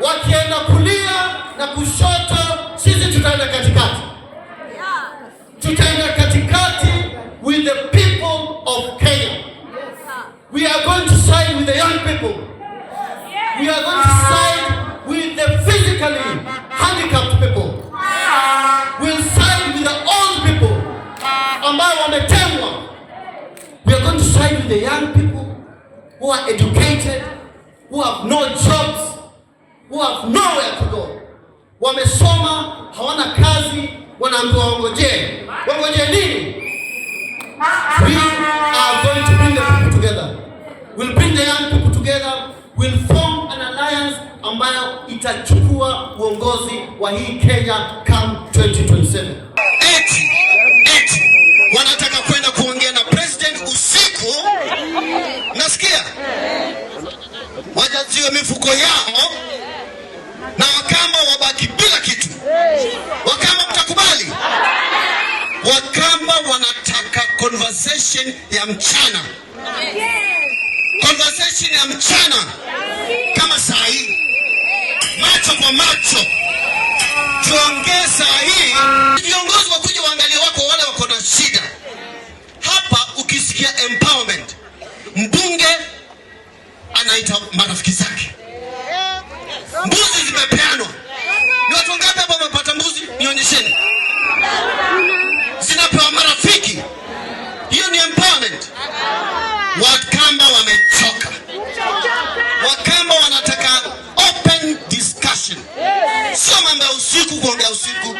wakienda kulia na kushoto, sisi tutaenda katikati, tutaenda katikati with the people of Kenya. We are going to side with the young people. We are going to side with the physically handicapped people. We'll side with the old people ambao wametengwa. We are going to side with the young people who are educated, who have no jobs who have nowhere to go. Wamesoma, hawana kazi, wanaambiwa wangojee. Wangojee nini? We are going to bring the people together. We'll bring the young people together. We'll form an alliance ambayo itachukua uongozi wa hii Kenya come 2027. Eti, eti, wanataka kwenda kuongea na president usiku. Nasikia? Wajaziwe mifuko yao. conversation ya mchana, conversation ya mchana kama saa hii, macho kwa macho, tuongee saa hii. Viongozi wakuja waangalie, wako wale wako na shida hapa. Ukisikia empowerment, mbunge anaita marafiki zake, mbuzi zimepeanwa. Ni watu wangapi hapa wamepata mbuzi? Nionyesheni zinapewa usiku, sio mambo ya usiku kuongea usiku